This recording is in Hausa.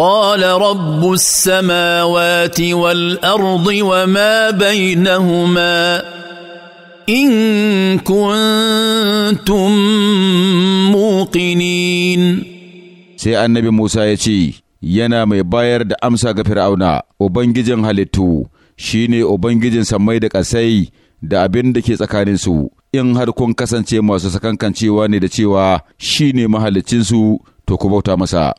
قال رب السماوات والارض وما بينهما ان كنتم موقنين sai annabi Musa ya ce yana mai bayar da amsa ga Fir'auna ubangijin halittu shine ubangijin sammai da ƙasai da abin da ke tsakaninsu in har kun kasance masu sakankancewa ne da cewa shine mahalicinsu to ku bauta masa